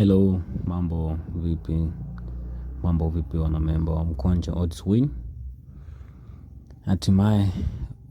Hello, mambo vipi? Mambo vipi wana memba wa Mkwanja Oddswin? Hatimaye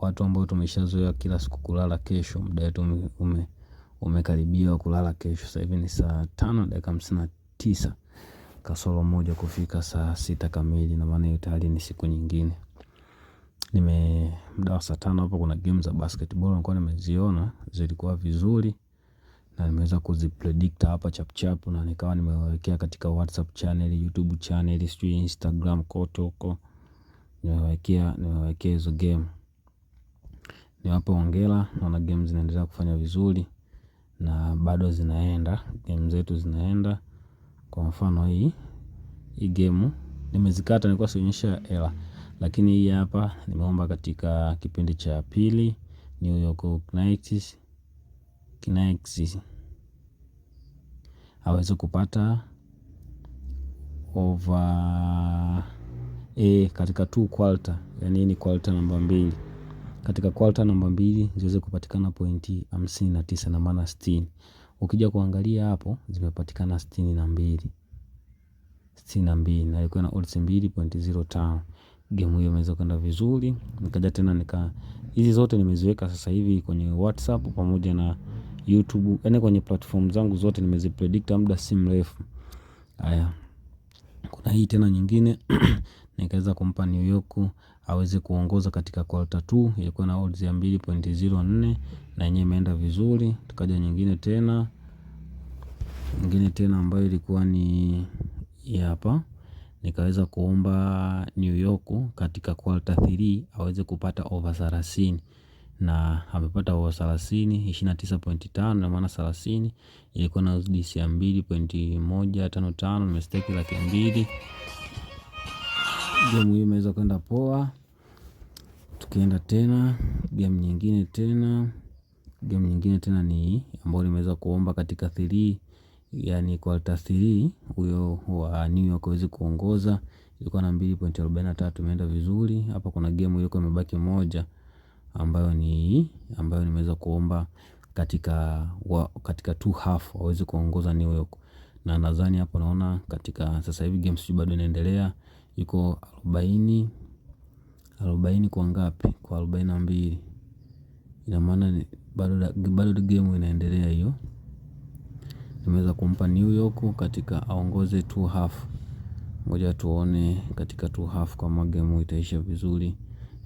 watu ambao tumeshazoea kila siku kulala kesho, muda wetu ume, umekaribia ume kulala kesho. Sasa hivi ni saa tano dakika hamsini na tisa kasoro moja kufika saa sita kamili, na maana hiyo tayari ni siku nyingine. Nime muda wa saa tano hapo kuna game za basketball nilikuwa nimeziona zilikuwa vizuri na nimeweza kuzipredict hapa chap chap, na nikawa nimewawekea katika whatsapp channel, youtube channel, sijui instagram kote huko nimewawekea nimewawekea hizo game. Niwape hongera, naona game zinaendelea kufanya vizuri na bado zinaenda game zetu zinaenda. Kwa mfano hii hii game nimezikata, nilikuwa sionyesha hela, lakini hii hapa nimeomba katika kipindi cha pili New York Knights Kinex aweze kupata over A katika t kwalta, yani ni kwalta namba mbili, katika kwalta namba mbili ziweze kupatikana pointi hamsini na tisa na maana sitini. Ukija kuangalia hapo zimepatikana sitini na mbili sitini na mbili na ilikuwa na odds mbili pointi zero tano. Game hiyo imeweza kwenda vizuri, nikaja tena nika hizi zote nimeziweka sasa hivi kwenye WhatsApp pamoja na YouTube, yani kwenye platform zangu zote nimezipredikta muda si mrefu. Haya, kuna hii tena nyingine nikaweza kumpa New York aweze kuongoza katika quarter 2 ilikuwa na odds ya 2.04 na yenyewe imeenda vizuri. Tukaja nyingine tena nyingine tena ambayo ilikuwa ni hapa nikaweza kuomba New York katika quarter 3 aweze kupata over 30 na amepata over 30 29.5, na maana 30 ilikuwa na odds ya 2.155, nimestake laki mbili. Game hii imeweza kwenda poa. Tukienda tena game nyingine tena, game nyingine tena ni ambayo nimeweza kuomba katika 3 yani quarter 3 huyo wa New York aweze kuongoza, ilikuwa na 2.43, imeenda vizuri hapa. Kuna game ilikuwa imebaki moja ambayo ni ambayo nimeweza kuomba katika wa, katika two half waweze kuongoza New York, na nadhani hapo naona katika sasa hivi games bado inaendelea, iko 40 40 kwa ngapi? Kwa 42. Ina maana bado bado game inaendelea hiyo. Nimeweza kumpa New York katika aongoze two half. Ngoja tuone katika two half kama game itaisha vizuri.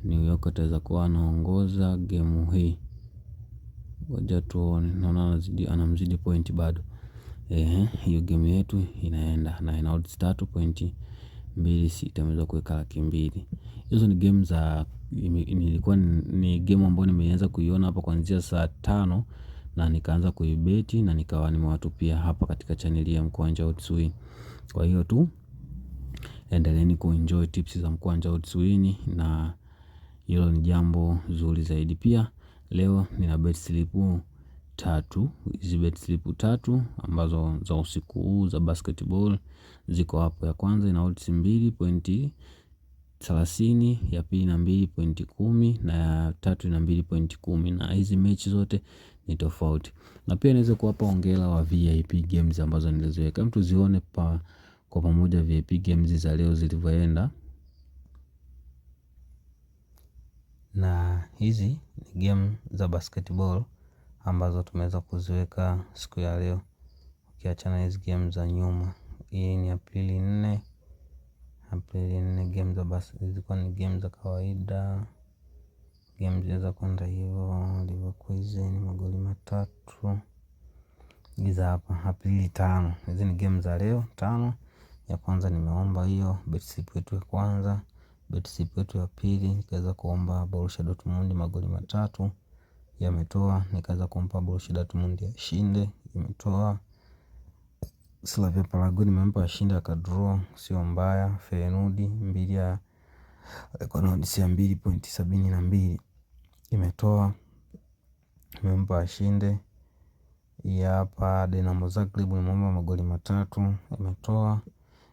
New York ataweza kuwa anaongoza gemu hii, ngoja tuone. Naona anazidi, anamzidi pointi bado. Ehe, hiyo gemu yetu inaenda na ina odds tatu pointi mbili sita, imeweza kuweka laki mbili. Hizo ni gemu za nilikuwa ni gemu ambayo nimeanza kuiona hapa kuanzia saa tano na nikaanza kuibeti na nikawa nimewatupia hapa katika chaneli ya Mkwanja Odds Win. Kwa hiyo tu endeleeni kuenjoy tips za Mkwanja Odds Win na hilo ni jambo zuri zaidi. Pia leo nina bet slip tatu, hizi bet slip tatu ambazo za usiku huu za basketball ziko hapo. Ya kwanza ina odds mbili pointi thelathini, ya pili na mbili pointi kumi na ya tatu ina mbili pointi kumi na hizi mechi zote ni tofauti. Na pia naweza kuwapa ongera wa VIP games ambazo niliziweka. zione tuzione kwa pamoja VIP games za leo zilivyoenda. na hizi ni game za basketball ambazo tumeweza kuziweka siku ya leo ukiachana hizi game za nyuma. Hii ni Aprili nne, Aprili nne game za bas, zilikuwa ni game za kawaida, game zinaweza kwenda hivyo Leverkusen ni magoli matatu. Hizi hapa Aprili tano, hizi ni game za leo tano. Ya kwanza nimeomba hiyo, Betsafe yetu ya kwanza Betisipu yetu ya pili nikaweza kuomba Borussia Dortmund magoli matatu yametoa, nikaweza kumpa Borussia Dortmund ashinde imetoa. Slavia Prague nimempa ashinde akadraw, sio mbaya. Feyenoord mbili ya ya mbili pointi sabini na mbili imetoa, nimempa ashinde. Hii hapa Dinamo Zagreb nimeomba magoli matatu imetoa.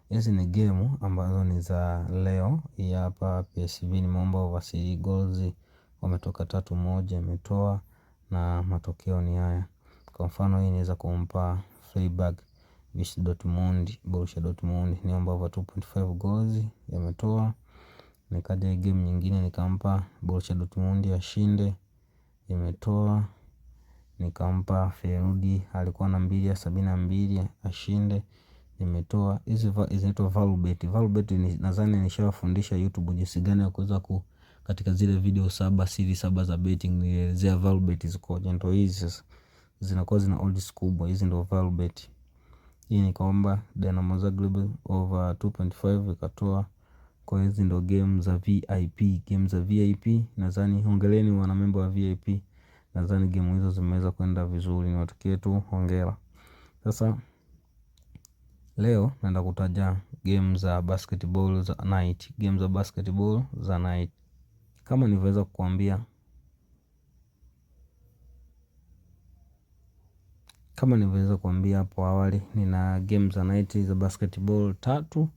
Hizi ni gemu ambazo ni za leo. Hii hapa PSV nimeomba oversee goals wametoka tatu moja imetoa na matokeo ni haya. Kwa mfano hii inaweza kumpa Freiburg vs Dortmund, Borussia Dortmund niomba over 2.5 goals yametoa. Nikaja game nyingine nikampa Borussia Dortmund ashinde imetoa. Nikampa Feyenoord alikuwa na mbili ya sabini na mbili ashinde nimetoa hizi zinaitwa Valbet. Valbet nadhani nishawafundisha YouTube jinsi gani ya kuweza ku katika zile video saba siri saba za betting nilielezea Valbet zikoje, ndio hizi sasa zinakuwa zina odds kubwa, hizi ndio Valbet. Hii nikaomba Dinamo Zagreb over 2.5 ikatoa. Kwa hizi ndio game za VIP, game za VIP nadhani, hongereni wana memba wa VIP, nadhani game hizo zimeweza kwenda vizuri, ni niwatakie tu hongera sasa Leo naenda kutaja game za basketball za night. Game za basketball za night. Kama nilivyoweza kukuambia kama nilivyoweza kukuambia hapo awali nina game za night za basketball tatu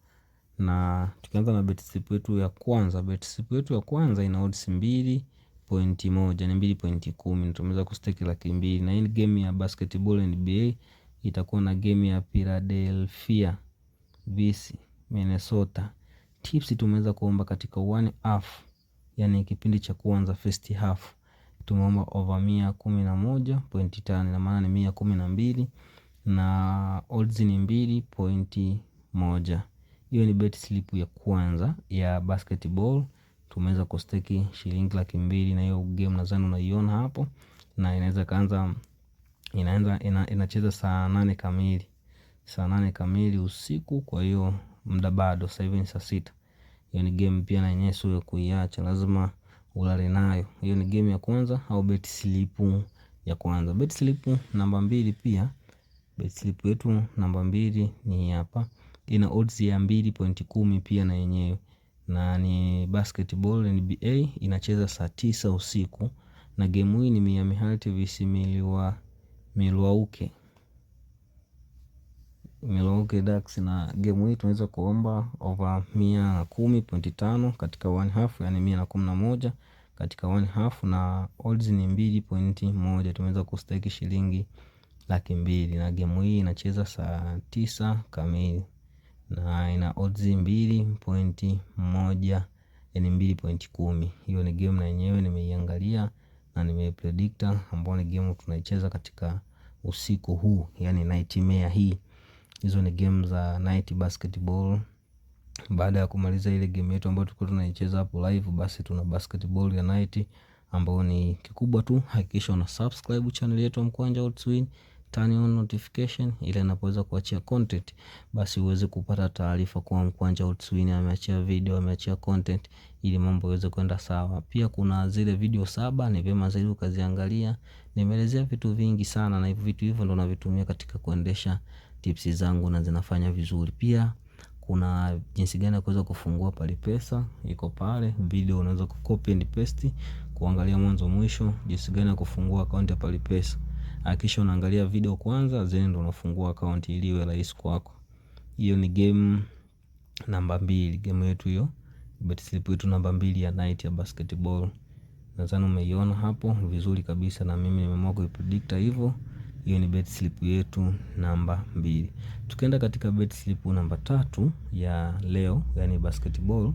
na tukianza na slip yetu ya kwanza. slip yetu ya kwanza ina odds mbili pointi moja ni mbili pointi kumi. Tumeweza kustake laki mbili na hii game ya basketball NBA itakuwa na game ya Philadelphia vs Minnesota. Tips tumeweza kuomba katika one half, yani kipindi cha kuanza first half tumeomba over 111.5 na maana ni 112 na odds ni mbili pointi moja. Hiyo ni bet slip ya kwanza ya basketball tumeweza kusteki shilingi laki mbili, na hiyo game nadhani unaiona hapo, na inaweza kaanza inaanza ina, inacheza saa nane kamili saa nane kamili usiku. Kwa hiyo muda bado, sasa hivi ni saa sita. Hiyo ni game pia na yenyewe sio kuiacha, lazima ulale nayo. Hiyo ni game ya kwanza au bet slip ya kwanza. Bet slip namba mbili pia, bet slip yetu namba mbili ni hapa, ina odds ya mbili pointi kumi pia na yenyewe na ni basketball NBA inacheza saa tisa usiku na game hii ni Miami Heat vs Milwaukee Milwaukee Milwaukee dax na game hii tunaweza kuomba over mia na kumi pointi tano katika one half, yani mia na kumi na moja katika one half na odds ni mbili pointi moja. Tumeweza kustake shilingi laki mbili na game hii inacheza saa tisa kamili na ina odds mbili pointi moja yani mbili pointi kumi. Hiyo ni game na yenyewe nimeiangalia na nimeipredikta ambao ni game tunaicheza katika usiku huu yani nightmare hii hizo ni game za night basketball baada ya kumaliza ile game yetu ambayo tulikuwa tunaicheza hapo live basi tuna basketball ya night ambao ni kikubwa tu hakikisha una subscribe channel yetu ya Mkwanja Odds Win turn on notification ili anapoweza kuachia content basi uweze kupata taarifa kwa Mkwanja Utswini ameachia video, ameachia content ili mambo yaweze kwenda sawa. Pia kuna zile video saba, ni vyema zaidi ukaziangalia. Nimeelezea vitu vingi sana, na hivyo vitu hivyo ndo navitumia katika kuendesha tips zangu na zinafanya vizuri. Pia kuna jinsi gani ya kuweza kufungua Palipesa, iko pale video, unaweza kucopy and paste kuangalia mwanzo mwisho, jinsi gani ya kufungua akaunti ya Palipesa. Hakikisha ah, unaangalia video kwanza then ndo unafungua account ili iwe rahisi kwako. Hiyo ni game namba mbili, game yetu hiyo Betslip yetu namba mbili ya night ya basketball. Nadhani umeiona hapo vizuri kabisa na mimi nimeamua kuipredikta hivyo. Hiyo ni Betslip yetu namba mbili. Tukienda katika Betslip namba tatu ya leo, yani basketball.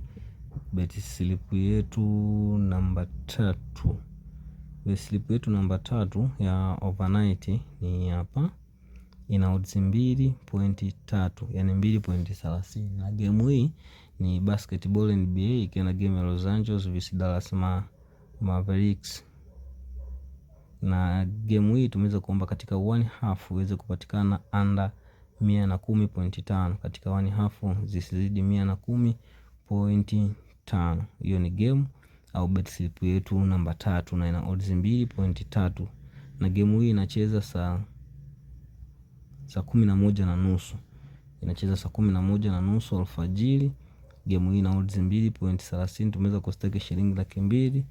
Betslip yetu namba tatu slip yetu namba tatu ya overnight ni hapa, ina odds mbili pointi tatu yani mbili pointi thelathini na gemu hii ni basketball NBA ikiwa na game ya Los Angeles vs Dallas ma Mavericks, na gemu hii tumeweza kuomba katika one half iweze kupatikana under mia na kumi pointi tano katika one half zisizidi mia na kumi pointi tano hiyo ni game au betslip yetu namba tatu na ina odds mbili pointi tatu na gemu hii inacheza saa saa kumi na moja na nusu inacheza saa kumi na moja na nusu alfajiri. Gemu hii ina odds mbili pointi thelathini. Tumeweza kustake shilingi laki mbili.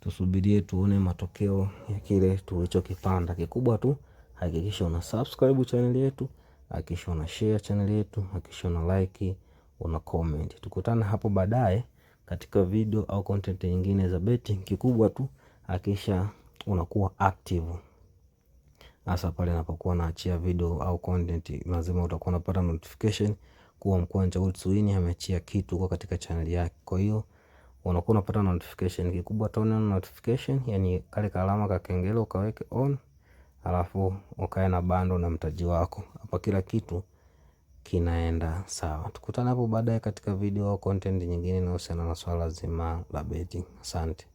Tusubirie tuone matokeo ya kile tulichokipanda. Kikubwa tu hakikisha una subscribe chaneli yetu, hakikisha una share chaneli yetu, hakikisha una like, una comment. Tukutane hapo baadaye katika video au content nyingine za betting. Kikubwa tu hakikisha unakuwa active, hasa pale napokuwa naachia video au content, lazima utakuwa unapata notification kuwa Mkwanja Utswini ameachia kitu kwa katika channel yake, kwa hiyo unakuwa unapata notification. Kikubwa utaona notification, yani kale kalama ka kengele ukaweke on, alafu ukae na bando na mtaji wako hapa, kila kitu kinaenda sawa. Tukutane hapo baadaye katika video au content nyingine inayohusiana na swala zima la betting. Asante.